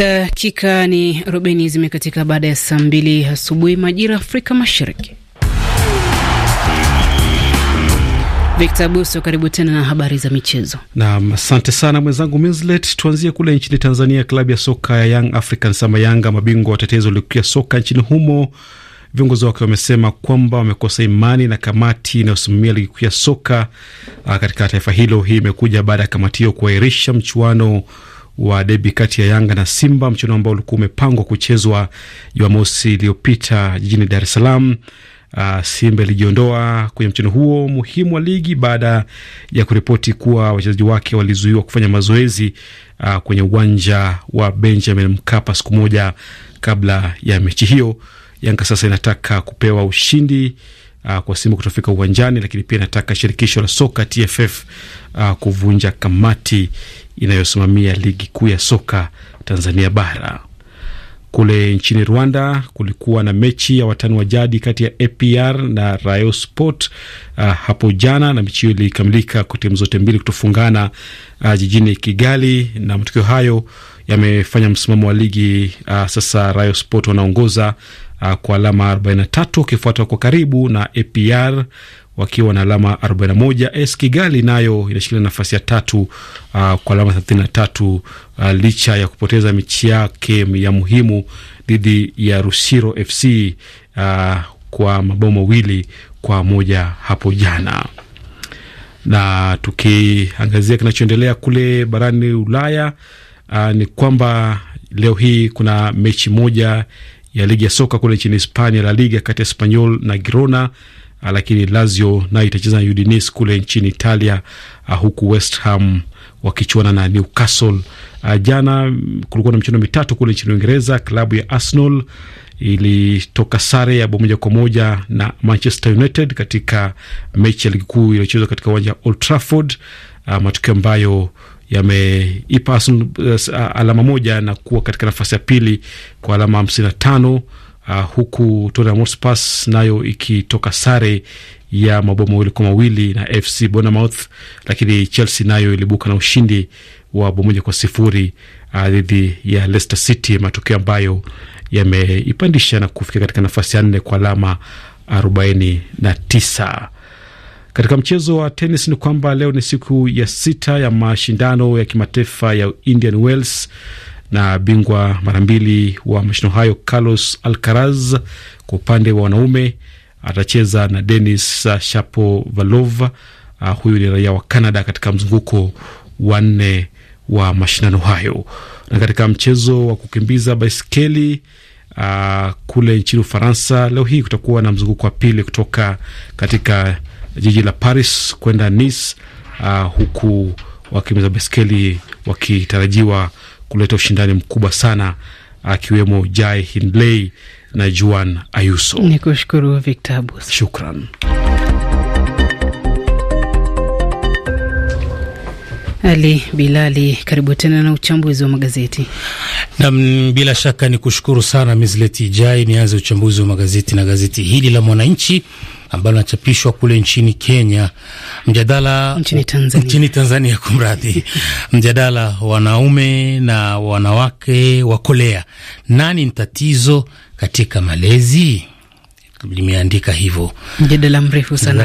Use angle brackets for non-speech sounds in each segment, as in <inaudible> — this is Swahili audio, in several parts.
Dakika ni arobaini zimekatika baada ya saa mbili asubuhi majira Afrika Mashariki. Victor Buso, karibu tena na habari za michezo. Naam, asante sana mwenzangu Mislet. Tuanzie kule nchini Tanzania, klabu ya soka ya Young Africans ama Yanga, mabingwa watetezi waliokia soka nchini humo, viongozi wake wamesema kwamba wamekosa imani na kamati inayosimamia ligi kuu ya soka ah, katika taifa hilo. Hii imekuja baada ya kamati hiyo kuahirisha mchuano wa debi kati ya Yanga na Simba, mchezo ambao ulikuwa umepangwa kuchezwa Jumamosi iliyopita jijini Dar es Salaam. Uh, Simba ilijiondoa kwenye mchezo huo muhimu wa ligi baada ya kuripoti kuwa wachezaji wake walizuiwa kufanya mazoezi uh, kwenye uwanja wa Benjamin Mkapa siku moja kabla ya mechi hiyo. Yanga sasa inataka kupewa ushindi uh, kwa Simba kutofika uwanjani, lakini pia inataka shirikisho la soka TFF uh, kuvunja kamati inayosimamia ligi kuu ya soka Tanzania bara. Kule nchini Rwanda kulikuwa na mechi ya watani wa jadi kati ya APR na Rayon Sport uh, hapo jana, na mechi hiyo ilikamilika kwa timu zote mbili kutofungana uh, jijini Kigali, na matokeo hayo yamefanya msimamo wa ligi uh, sasa Rayon Sport wanaongoza uh, kwa alama 43 ukifuatwa kwa karibu na APR wakiwa na alama 41. AS Kigali nayo inashikilia nafasi ya tatu uh, kwa alama 33 uh, licha ya kupoteza mechi yake ya muhimu dhidi ya Rusiro FC uh, kwa mabao mawili kwa moja hapo jana. Na tukiangazia kinachoendelea kule barani Ulaya uh, ni kwamba leo hii kuna mechi moja ya ligi ya soka kule nchini Hispania, La Liga, kati ya Espanyol na Girona Ah, lakini Lazio nayo itacheza na Udinese kule nchini Italia, ah, huku West Ham wakichuana na Newcastle. Ah, jana kulikuwa na michuano mitatu kule nchini Uingereza. Klabu ya Arsenal ilitoka sare ya bao moja kwa moja na Manchester United katika mechi ya ligi kuu iliyochezwa katika uwanja Old Trafford, matukio ambayo yameipa Arsenal eh, alama moja na kuwa katika nafasi ya pili kwa alama hamsini na tano uh, huku Tottenham Hotspur nayo ikitoka sare ya mabao mawili kwa mawili na FC Bournemouth, lakini Chelsea nayo ilibuka na ushindi wa bao moja kwa sifuri ah, dhidi uh, ya Leicester City, matokeo ambayo yameipandisha na kufika katika nafasi ya nne kwa alama 49 Katika mchezo wa tenis ni kwamba leo ni siku ya sita ya mashindano ya kimataifa ya Indian Wells na bingwa mara mbili wa mashindano hayo Carlos Alcaraz kwa upande wa wanaume atacheza na Denis Shapovalov. Uh, huyu ni raia wa Canada katika mzunguko wa nne wa mashindano hayo. Na katika mchezo wa kukimbiza baiskeli uh, kule nchini Ufaransa leo hii kutakuwa na mzunguko wa pili kutoka katika jiji la Paris kwenda Nice, uh, huku wakimbiza baiskeli wakitarajiwa kuleta ushindani mkubwa sana akiwemo Jai Hindley na Juan Ayuso. Nikushukuru Victor Bus. Shukran. Ali Bilali, karibu tena na uchambuzi wa magazeti. Nam, bila shaka ni kushukuru sana Mizleti Jai. Nianze uchambuzi wa magazeti na gazeti hili la Mwananchi ambalo linachapishwa kule nchini Kenya. Mjadala nchini Tanzania, nchini Tanzania kumradhi. Mjadala wanaume na wanawake wakolea, nani ni tatizo katika malezi? limeandika hivyo, mjadala mrefu sana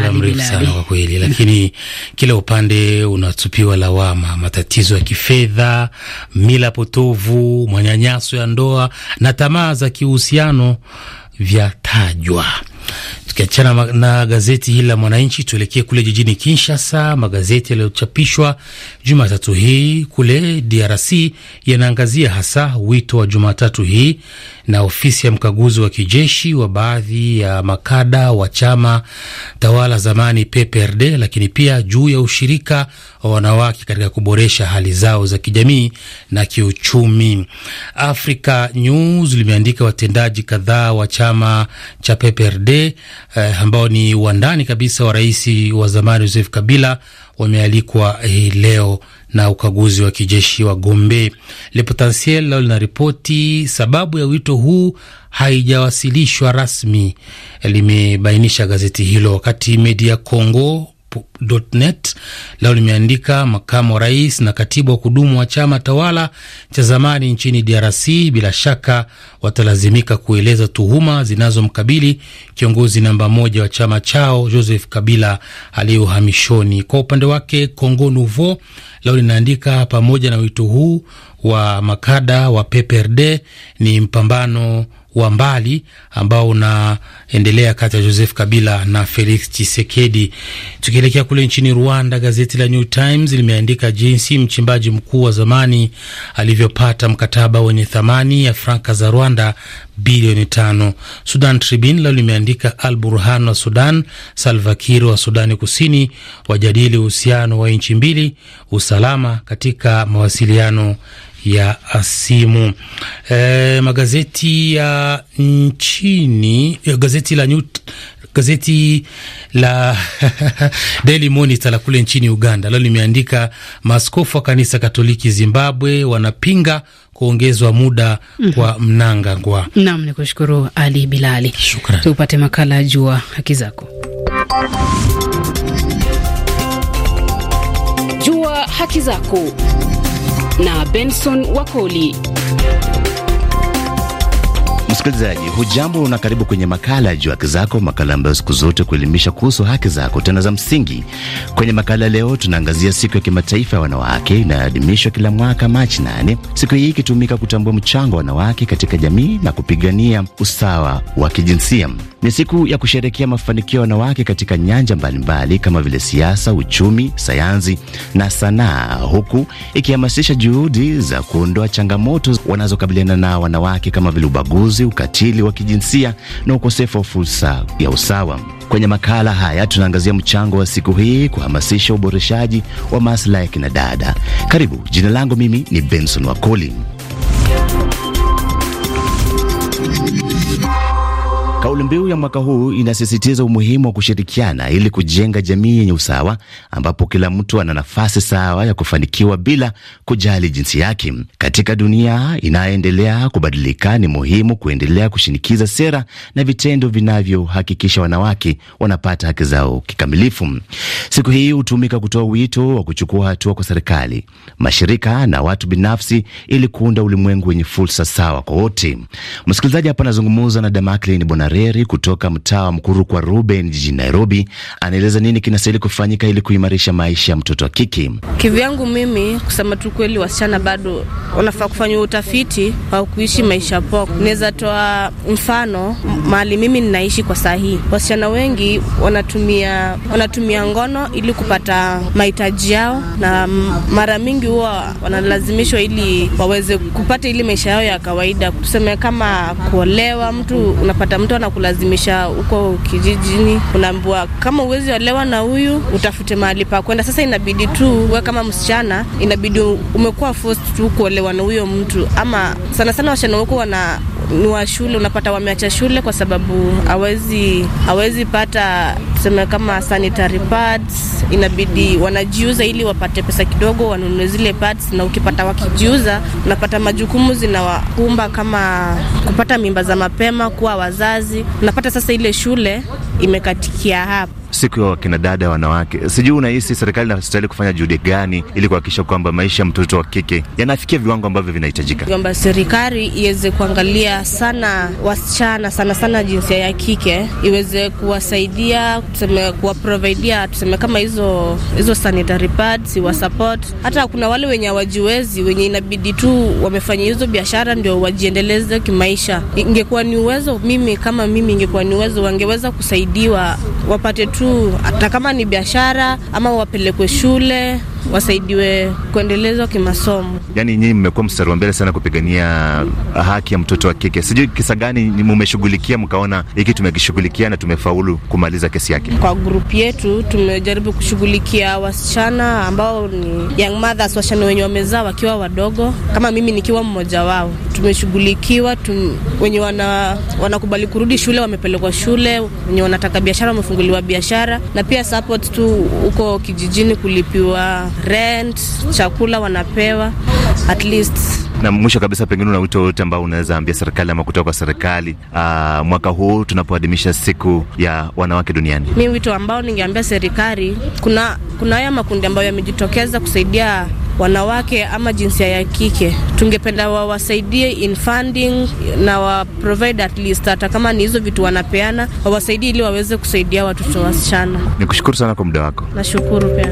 kwa kweli, <laughs> lakini kila upande unatupiwa lawama: matatizo ya kifedha, mila potovu, manyanyaso ya ndoa na tamaa za kihusiano vyatajwa. Tukiachana na gazeti hili la Mwananchi, tuelekee kule jijini Kinshasa. Magazeti yaliyochapishwa Jumatatu hii kule DRC yanaangazia hasa wito wa Jumatatu hii na ofisi ya mkaguzi wa kijeshi wa baadhi ya makada wa chama tawala zamani PPRD, lakini pia juu ya ushirika wa wanawake katika kuboresha hali zao za kijamii na kiuchumi. Africa News limeandika watendaji kadhaa wa chama cha PPRD eh, ambao ni wandani kabisa wa rais wa zamani Joseph Kabila wamealikwa hii leo na ukaguzi wa kijeshi wa Gombe. Le Potentiel lao linaripoti sababu ya wito huu haijawasilishwa rasmi, limebainisha gazeti hilo, wakati media Congo Net leo limeandika makamu wa rais na katibu wa kudumu wa chama tawala cha zamani nchini DRC bila shaka watalazimika kueleza tuhuma zinazomkabili kiongozi namba moja wa chama chao Joseph Kabila aliye uhamishoni. Kwa upande wake, Congo Nouveau leo linaandika pamoja na wito huu wa makada wa PPRD ni mpambano wa mbali ambao unaendelea kati ya Joseph Kabila na Felix Tshisekedi. Tukielekea kule nchini Rwanda, gazeti la New Times limeandika jinsi mchimbaji mkuu wa zamani alivyopata mkataba wenye thamani ya franka za Rwanda bilioni tano. Sudan Tribune lao limeandika Al Burhan wa Sudan, Salva Kiir wa Sudani Kusini wajadili uhusiano wa nchi mbili, usalama katika mawasiliano ya simu. E, magazeti ya nchini, e, gazeti la New, gazeti la <laughs> Daily Monitor la kule nchini Uganda leo limeandika maaskofu wa kanisa Katoliki Zimbabwe wanapinga kuongezwa muda mm -hmm. kwa mnangagwa. Naam, nikushukuru Ali Bilali. Shukrani. Tupate makala jua haki zako. Jua haki zako na Benson Wakoli. Msikilizaji hujambo na karibu kwenye makala ya juu Haki Zako, makala ambayo siku zote kuelimisha kuhusu haki zako tena za msingi. Kwenye makala leo, tunaangazia siku ya kimataifa ya wanawake inayoadhimishwa kila mwaka Machi nane, siku hii ikitumika kutambua mchango wa wanawake katika jamii na kupigania usawa wa kijinsia. Ni siku ya kusherekea mafanikio ya wanawake katika nyanja mbalimbali mbali, kama vile siasa, uchumi, sayansi na sanaa, huku ikihamasisha juhudi za kuondoa changamoto wanazokabiliana na wanawake kama vile ubaguzi ukatili wa kijinsia na ukosefu wa fursa ya usawa. Kwenye makala haya tunaangazia mchango wa siku hii kuhamasisha uboreshaji wa maslahi ya kinadada. Karibu. Jina langu mimi ni Benson Wakoli. Kauli mbiu ya mwaka huu inasisitiza umuhimu wa kushirikiana ili kujenga jamii yenye usawa ambapo kila mtu ana nafasi sawa ya kufanikiwa bila kujali jinsi yake. Katika dunia inayoendelea kubadilika, ni muhimu kuendelea kushinikiza sera na vitendo vinavyohakikisha wanawake wanapata haki zao kikamilifu. Siku hii hutumika kutoa wito wa kuchukua hatua kwa serikali, mashirika na watu binafsi ili kuunda ulimwengu wenye fursa sawa kwa wote. Msikilizaji, hapa anazungumza na Damaklin Bonare Njeri kutoka mtaa wa Mkuru kwa Ruben jijini Nairobi anaeleza nini kinastahili kufanyika ili kuimarisha maisha ya mtoto wa kike. Kivyangu mimi kusema tu kweli, wasichana bado wanafaa kufanya utafiti wa kuishi maisha poa. Naweza toa mfano mahali mimi ninaishi kwa sahihi, wasichana wengi wanatumia, wanatumia ngono ili kupata mahitaji yao, na mara mingi huwa wanalazimishwa ili waweze kupata ili maisha yao ya kawaida, kusema kama kuolewa, mtu unapata mtu ana kulazimisha huko kijijini, unaambiwa kama uwezi olewa na huyu utafute mahali pa kwenda. Sasa inabidi tu we kama msichana, inabidi umekuwa forced tu kuolewa na huyo mtu, ama sana sana wasichana wako wana ni wa shule, unapata wameacha shule kwa sababu hawezi hawezi pata tuseme kama sanitary pads, inabidi wanajiuza ili wapate pesa kidogo wanunue zile pads, na ukipata wakijiuza, unapata majukumu zinawakumba kama kupata mimba za mapema, kuwa wazazi. Unapata sasa ile shule imekatikia hapa siku ya wakinadada dada wanawake. Sijui unahisi serikali inastahili kufanya juhudi gani ili kuhakikisha kwamba maisha ya mtoto wa kike yanafikia viwango ambavyo vinahitajika, kwamba serikali iweze kuangalia sana wasichana, sana sana jinsia ya kike, iweze kuwasaidia tuseme, kuwaprovidia tuseme kama hizo hizo sanitary pads, wa support. Hata kuna wale wenye hawajiwezi, wenye inabidi tu wamefanya hizo biashara ndio wajiendeleze kimaisha. Ingekuwa ni uwezo, mimi kama mimi, ingekuwa ni uwezo, wangeweza kusaidiwa wapate tu tu, hata kama ni biashara ama wapelekwe shule wasaidiwe kuendelezwa kimasomo. Yani nyinyi mmekuwa mstari wa mbele sana kupigania haki ya mtoto wa kike. Sijui kisa gani mmeshughulikia mkaona hiki tumekishughulikia na tumefaulu kumaliza kesi yake? Kwa grupu yetu tumejaribu kushughulikia wasichana ambao ni young mothers, wasichana wenye wamezaa wakiwa wadogo, kama mimi nikiwa mmoja wao. Tumeshughulikiwa tum, wenye wana, wanakubali kurudi shule wamepelekwa shule, wenye wanataka biashara wamefunguliwa biashara, na pia support tu huko kijijini kulipiwa rent, chakula wanapewa at least. Na mwisho kabisa, pengine una wito wote ambao unaweza ambia serikali ama kutoka kwa serikali aa, ah, mwaka huu tunapoadhimisha siku ya wanawake duniani? Mi wito ambao ningeambia serikali, kuna kuna haya makundi ambayo yamejitokeza kusaidia wanawake ama jinsia ya kike, tungependa wawasaidie in funding na wa provide at least, hata kama ni hizo vitu wanapeana, wawasaidie ili waweze kusaidia watoto wasichana. Nikushukuru sana kwa muda wako. Nashukuru pia.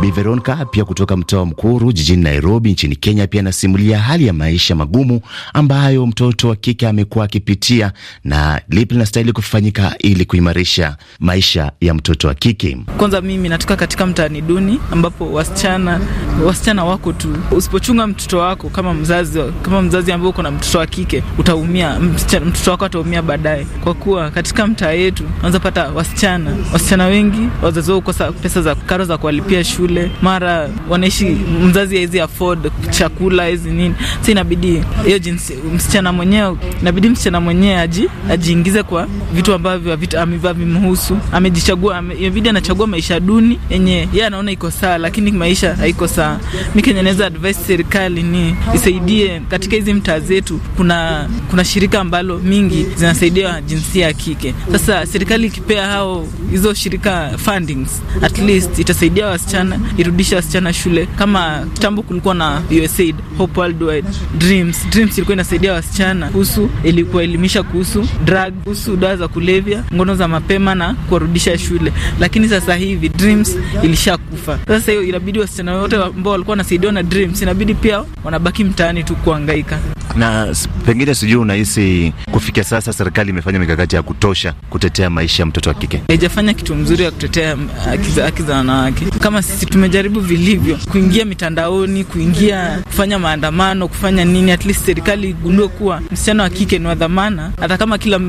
Bi Veronica pia kutoka mtaa wa Mkuru jijini Nairobi nchini Kenya, pia anasimulia hali ya maisha magumu ambayo mtoto wa kike amekuwa akipitia na lipi linastahili kufanyika ili kuimarisha maisha ya mtoto wa kike. Kwanza mimi natoka katika mtaani duni ambapo wasichana wasichana wako tu. Usipochunga mtoto wako kama mzazi, kama mzazi ambaye uko na mtoto wa kike utaumia, mtoto wako ataumia baadaye, kwa kuwa katika mtaa yetu unaweza pata wasichana wasichana wengi wazazi wao kukosa pesa za karo za kuwalipia shule shule, mara wanaishi mzazi hawezi afford chakula hizi nini, si inabidi hiyo jinsi msichana mwenyewe, inabidi msichana mwenyewe aji ajiingize kwa vitu ambavyo amevaa vimhusu, amejichagua, inabidi anachagua maisha duni yenye yeye anaona iko sawa, lakini maisha haiko sawa. Mi Kenya naweza advise serikali ni isaidie katika hizi mtaa zetu, kuna kuna shirika ambalo mingi zinasaidia jinsia ya kike. Sasa serikali ikipea hao hizo shirika fundings, at least itasaidia wasichana irudishe wasichana shule. Kama kitambo kulikuwa na USAID, Hope Worldwide, Dreams. Dreams ilikuwa inasaidia wasichana kuhusu, ilikuwa elimisha kuhusu drug, kuhusu dawa za kulevya, ngono za mapema na kuwarudisha shule. Lakini sasa hivi Dreams ilishakufa. Sasa hiyo inabidi wasichana wote ambao walikuwa wanasaidiwa na Dreams inabidi pia wanabaki mtaani tu kuangaika na pengine sijui unahisi kufikia sasa serikali imefanya mikakati ya kutosha kutetea maisha ya mtoto wa kike? Haijafanya kitu mzuri ya kutetea uh, haki za wanawake kama sisi sisi tumejaribu vilivyo kuingia mitandaoni, kuingia kufanya maandamano, kufanya nini, at least serikali igundue kuwa msichana wa kike ni wa dhamana, hata kama kila,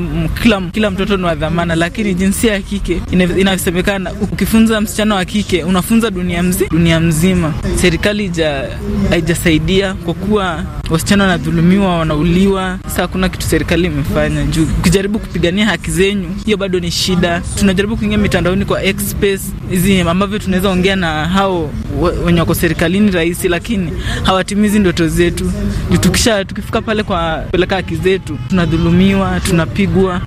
kila, kila mtoto ni wa dhamana, lakini jinsia ya kike inasemekana, ukifunza msichana wa kike unafunza dunia, mzi, dunia mzima. Serikali haijasaidia kwa kuwa wasichana wanadhulumiwa, wanauliwa. Sasa kuna kitu serikali imefanya juu, ukijaribu kupigania haki zenyu, hiyo bado ni shida. Tunajaribu kuingia mitandaoni kwa X space hizi ambavyo tunaweza ongea na hao wenye wako serikalini rais, lakini hawatimizi ndoto zetu. Tukisha tukifika pale kwa peleka haki zetu, tunadhulumiwa, tunapigwa.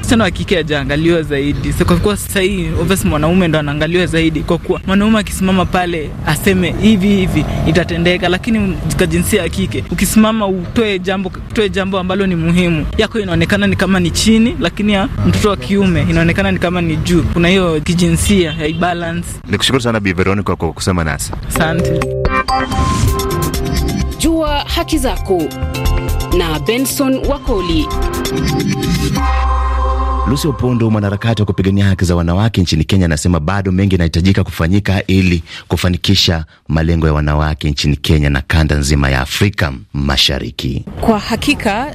Msichana mm, wa kike ajaangaliwa zaidi, so kwa kuwa sasa hii obviously mwanaume ndo anaangaliwa zaidi, kwa kuwa mwanaume akisimama pale aseme hivi hivi itatendeka, lakini kwa jinsia ya kike ukisimama utoe jambo, utoe jambo ambalo ni muhimu, yako inaonekana ni kama ni chini, lakini ya mtoto wa kiume inaonekana ni kama ni juu. Kuna hiyo kijinsia ya balance. Nikushukuru sana Bivero shukrani kwa kusema nasi, asante. Jua haki zako na Benson Wakoli. Lucy Opondo, mwanaharakati wa kupigania haki za wanawake nchini Kenya, anasema bado mengi yanahitajika kufanyika ili kufanikisha malengo ya wanawake nchini Kenya na kanda nzima ya Afrika Mashariki. Kwa hakika,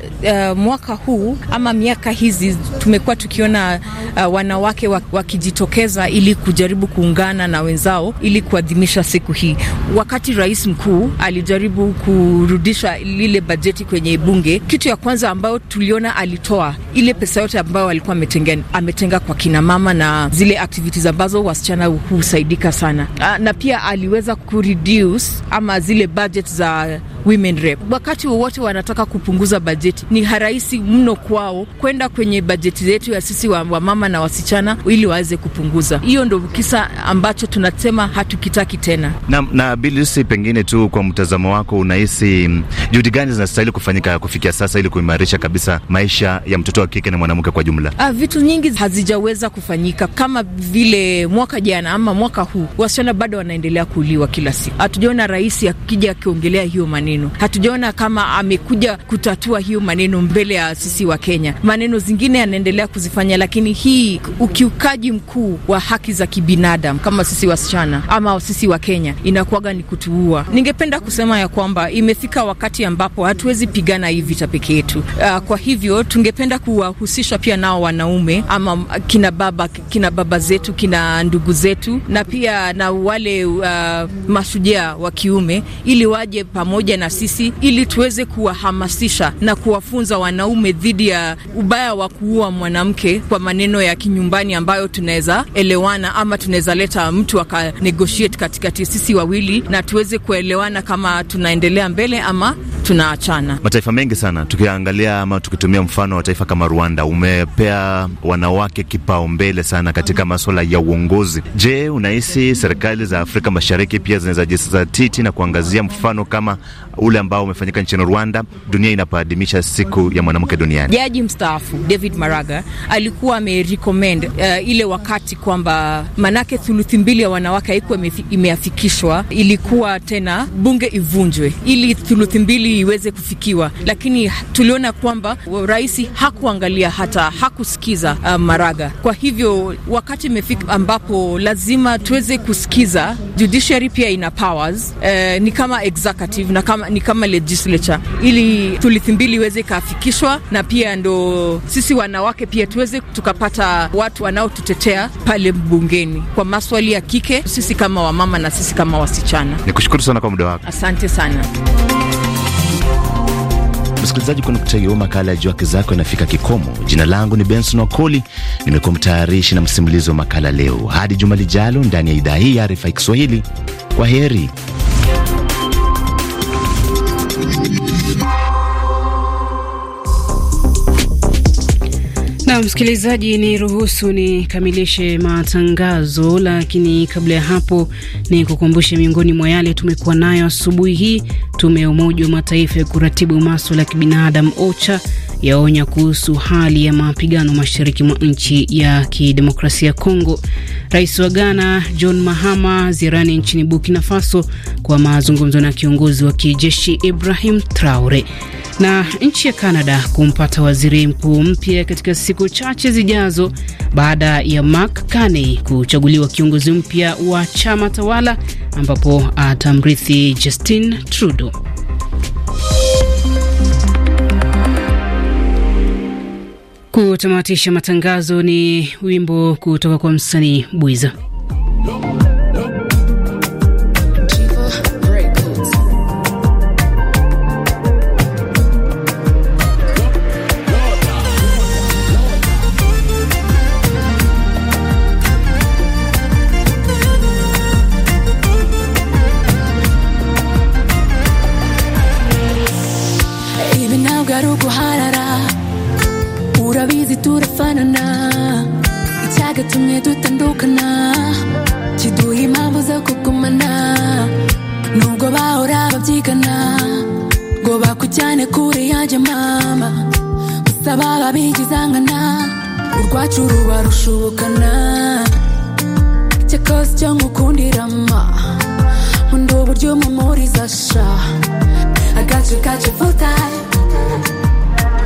uh, mwaka huu ama miaka hizi tumekuwa tukiona uh, wanawake wakijitokeza ili kujaribu kuungana na wenzao ili kuadhimisha siku hii. Wakati rais mkuu alijaribu kurudisha lile bajeti kwenye bunge, kitu ya kwanza ambayo tuliona alitoa ile pesa yote ambayo alikuwa ametenga, ametenga kwa kinamama na zile activities ambazo wasichana husaidika sana na, ah, na pia aliweza kureduce ama zile budget za women rep. Wakati wowote wanataka kupunguza bajeti, ni harahisi mno kwao kwenda kwenye bajeti zetu ya sisi wamama wa na wasichana ili waweze kupunguza. Hiyo ndo kisa ambacho tunasema hatukitaki tena. Na, na Bilisi, pengine tu kwa mtazamo wako, unahisi mm, juhudi gani zinastahili kufanyika kufikia sasa ili kuimarisha kabisa maisha ya mtoto wa kike na mwanamke kwa jumla? A, ah, vitu nyingi hazijaweza kufanyika kama vile mwaka jana ama mwaka huu, wasichana bado wanaendelea kuuliwa kila siku. Hatujaona rais akija akiongelea hiyo maneno maneno. Hatujaona kama amekuja kutatua hiyo maneno mbele ya sisi wa Kenya. Maneno zingine anaendelea kuzifanya, lakini hii ukiukaji mkuu wa haki za kibinadamu kama sisi wasichana ama sisi wa Kenya inakuwaga ni kutuua. Ningependa kusema ya kwamba imefika wakati ambapo hatuwezi pigana hii vita peke yetu. Uh, kwa hivyo tungependa kuwahusisha pia nao wanaume ama kina baba, kina baba zetu, kina ndugu zetu na pia na wale uh, mashujaa wa kiume ili waje pamoja na na sisi ili tuweze kuwahamasisha na kuwafunza wanaume dhidi ya ubaya wa kuua mwanamke kwa maneno ya kinyumbani ambayo tunaweza elewana ama tunaweza leta mtu aka negotiate katikati sisi wawili na tuweze kuelewana kama tunaendelea mbele ama tunaachana. Mataifa mengi sana tukiangalia ama tukitumia mfano wa taifa kama Rwanda umepea wanawake kipaumbele sana katika masuala ya uongozi. Je, unahisi serikali za Afrika Mashariki pia zinaweza jisatiti na kuangazia mfano kama ule ambao umefanyika nchini Rwanda, dunia inapoadhimisha siku ya mwanamke duniani. Jaji mstaafu David Maraga alikuwa amerecommend uh, ile wakati kwamba manake thuluthi mbili ya wanawake haikuwa imeafikishwa, ilikuwa tena bunge ivunjwe ili thuluthi mbili iweze kufikiwa, lakini tuliona kwamba rais hakuangalia hata hakusikiza uh, Maraga. Kwa hivyo wakati imefika ambapo lazima tuweze kusikiza. Judiciary pia ina powers uh, ni kama executive na kama ni kama legislature ili tulithimbili iweze ikafikishwa, na pia ndo sisi wanawake pia tuweze tukapata watu wanaotutetea pale bungeni kwa maswali ya kike, sisi kama wamama na sisi kama wasichana. kushukuru sana kwa muda wako, asante sana. Msikilizaji, kwa nukta hiyo, makala ya Jua Haki Zako inafika kikomo. Jina langu ni Benson Wakoli, nimekuwa mtayarishi na msimulizi wa makala leo. Hadi juma lijalo ndani ya idhaa hii ya Arifa Kiswahili, kwa heri. Na msikilizaji, ni ruhusu nikamilishe matangazo, lakini kabla ya hapo ni kukumbushe miongoni mwa yale tumekuwa nayo asubuhi hii. Tume ya Umoja wa Mataifa ya kuratibu maswala ya kibinadamu OCHA yaonya kuhusu hali ya mapigano mashariki mwa nchi ya kidemokrasia Kongo. Rais wa Ghana John Mahama ziarani nchini Burkina Faso kwa mazungumzo na kiongozi wa kijeshi Ibrahim Traore. Na nchi ya canada kumpata waziri mkuu mpya katika siku chache zijazo baada ya Mark Carney kuchaguliwa kiongozi mpya wa chama tawala ambapo atamrithi Justin Trudeau. Kutamatisha matangazo ni wimbo kutoka kwa msanii Bwiza. tumwe dutandukana kiduha impamvu zo kugumana nubwo bahora babyigana ngo bakujyane kure yanjye mama gusa baba bigizangana urwacu ruba rushubukana cyakoze icyo ngukundirama nkunda uburyo umumuriza sha agace kacu full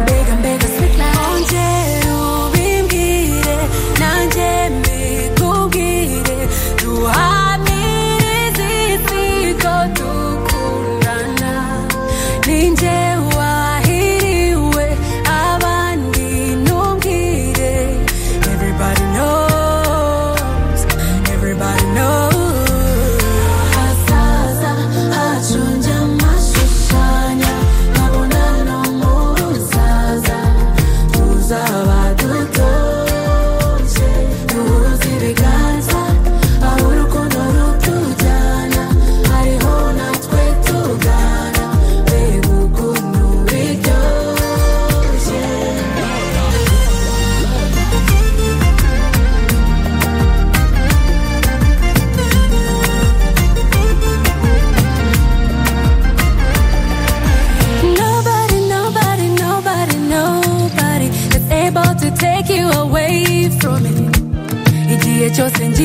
mbega mbega sweet ninja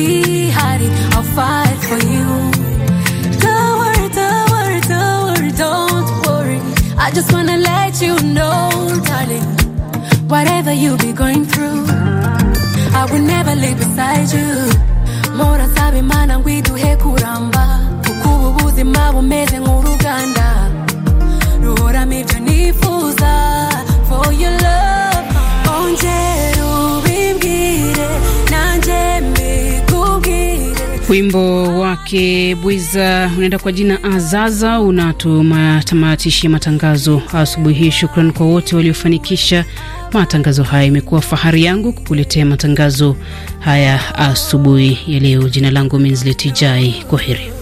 be hiding. I'll fight for you. Don't worry, don't worry, don't worry, don't worry. I just wanna let you know, darling, whatever you be going through, I will never leave beside you. Mora ngwiduhe kuramba, ukubu buzima bumeze nk'uruganda. Wimbo wake Bwiza unaenda kwa jina Azaza unatumatamatishia matangazo asubuhi hii. shukran kwa wote waliofanikisha matangazo haya. Imekuwa fahari yangu kukuletea matangazo haya asubuhi ya leo. Jina langu Minzletijai, kwa heri.